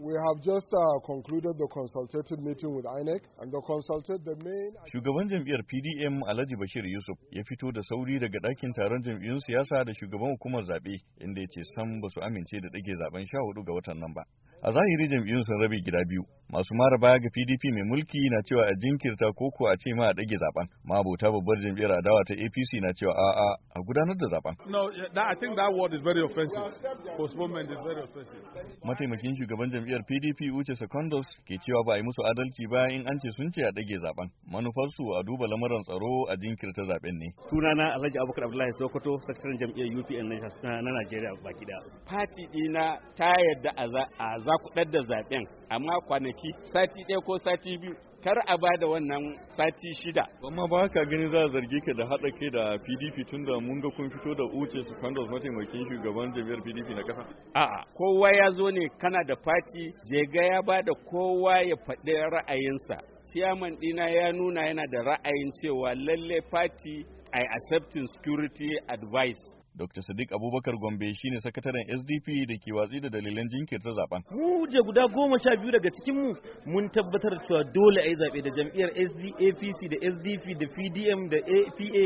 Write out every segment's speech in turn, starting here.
We have just uh, concluded the consultative meeting with INEC and the consulted the main Shugaban jam'iyyar PDM Alhaji Bashir Yusuf ya fito da sauri daga ɗakin taron jam'iyyun siyasa da shugaban hukumar zaɓe inda ya ce sam ba su amince da ɗage zaben sha hudu ga watan nan ba. A zahiri jam'iyyun sun rabe gida biyu. Masu mara baya ga PDP mai mulki na cewa a jinkirta ko ko a ce ma a ɗage zaben. Mabota babbar jam'iyyar adawa ta APC na cewa a'a a gudanar da zaben. No, I think that word is very offensive. Postponement is very offensive. Mataimakin shugaban jam'iyyar jam'iyyar PDP Uche Secondos ke cewa ba a yi musu adalci ba in an ce sun ce a ɗage zaben. Manufarsu a duba lamuran tsaro a jinkirta zaben ne. Sunana Alhaji Abubakar Abdullahi Sokoto, sakataren jam'iyyar UPN na Najeriya baki da. Fati dina ta yarda a zakuɗar da zaben amma kwanaki sati ɗaya ko sati biyu kar a ba da wannan sati shida. Amma ba ka gani za a zargi ka da haɗa kai da PDP tun da mun ga kun fito da uce Uche su mataimakin shugaban jami'ar PDP na ƙasa. A'a, kowa ya zo ne kana da fati, jega ya ba da kowa ya faɗi ra'ayinsa. Ciyaman ɗina ya nuna yana da ra'ayin cewa lalle fati I accepting security advice Dr. Sadiq Abubakar Gombe shine sakataren SDP da ke watsi da dalilan jinkirta zaben. Mu je guda goma sha biyu daga cikin mu mun tabbatar cewa dole a yi zaɓe da jam'iyyar SDAPC da SDP da PDM da APA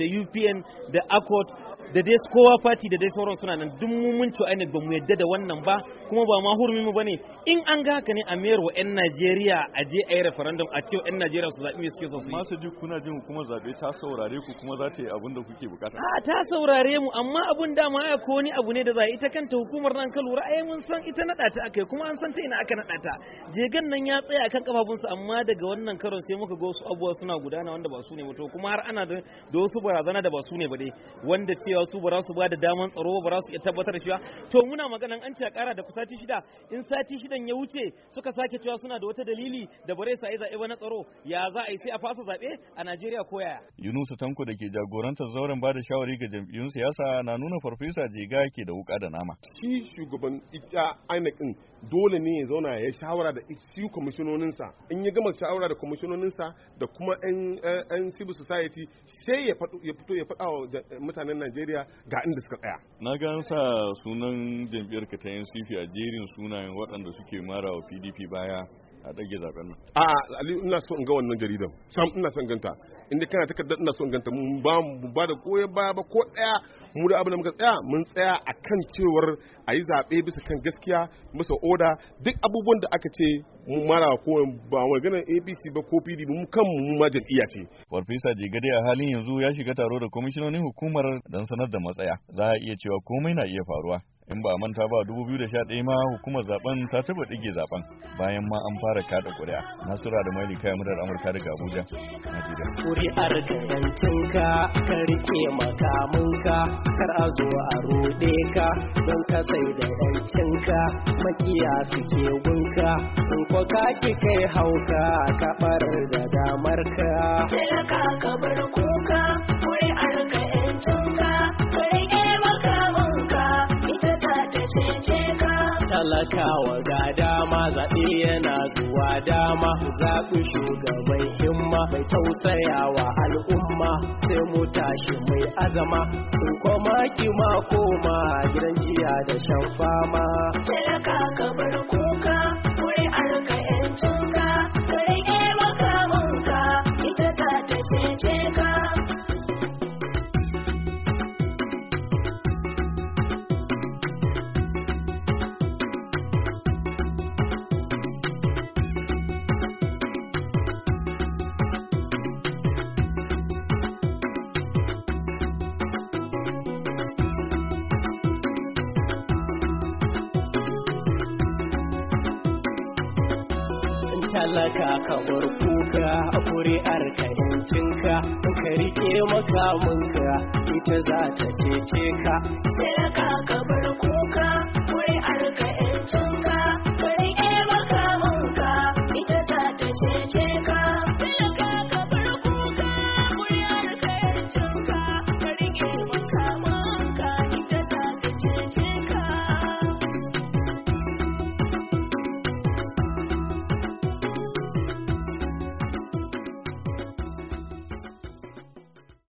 da UPN da ACOT da dai kowa fati da dai sauran suna nan duk mu mun ci ba mu yadda da wannan ba kuma ba ma hurumi mu bane in an ga haka ne a mayar wa yan Najeriya a je a yi referendum a ce yan Najeriya su zaɓi me suke so su yi masu ji kuna jin kuma zabe ta saurare ku kuma za ta yi abin da kuke bukata a ta saurare mu amma abun da ma ya ko ni abu ne da za ita kanta hukumar nan ka lura ai mun san ita nada ta akai kuma an san ta ina aka nada ta jegan nan ya tsaya akan kafafunsa amma daga wannan karon sai muka ga wasu abubuwa suna gudana wanda ba su ne ba to kuma har ana da wasu barazana da ba su ne ba dai wanda ce cewa su ba za su ba da daman tsaro ba za su iya tabbatar da cewa to muna maganan an ce a kara da sati shida in sati shidan ya wuce suka sake cewa suna da wata dalili da bare sa zaɓe ba na tsaro ya za a yi sai a fasa zaɓe a Najeriya ko yaya. Yunusu Tanko da ke jagorantar zauren bada da shawari ga jam'iyyun siyasa na nuna farfesa jega ke da wuka da nama. Shi shugaban ita ainihin dole ne ya zauna ya shawara da su kwamishinoninsa in ya gama shawara da kwamishinoninsa da kuma 'yan civil society sai ya fito ya faɗa wa mutanen Najeriya najeriya ga inda suka tsaya na ga sa sunan jam'iyyar ka ta ncp a jerin sunayen waɗanda suke mara wa pdp baya a dage zaben nan a ali ina so in ga wannan jaridan sam ina son ganta inda kana takardar ina son ganta mun ba mu ba da koyar baya ba ko ɗaya mu da abin da muka tsaya mun tsaya akan cewar a yi zaɓe bisa kan gaskiya bisa oda duk abubuwan da aka ce mu mara ko ba maganar abc ba ko pd mu kan mu ma jam'iyya ce farfesa jigade a halin yanzu ya shiga taro da kwamishinonin hukumar dan sanar da matsaya za a iya cewa komai na iya faruwa in ba manta ba 2011 ma hukumar zaben ta taba dige zaben bayan ma an fara kada kuri'a nasura da mai kai mudar amurka daga abuja najeriya kuri'ar garantinka ka rike ka kar a zo a rode ka don ka sai da ka makiya suke gunka in ko ka ki kai hauka ka barar da damar ka ka bar kuka sakawa ga dama zaɓe yana zuwa dama zaɓi shugaban himma mai tausayawa al'umma sai mu tashi mai azama in koma ma koma gidan jiya da shan fama talaka ka bar kuka wuri arka yancin ka ke maka ita ta talaka ka bar kuka a kuri'ar ka ka rike makaminka ita za ta cece ka talaka ka bar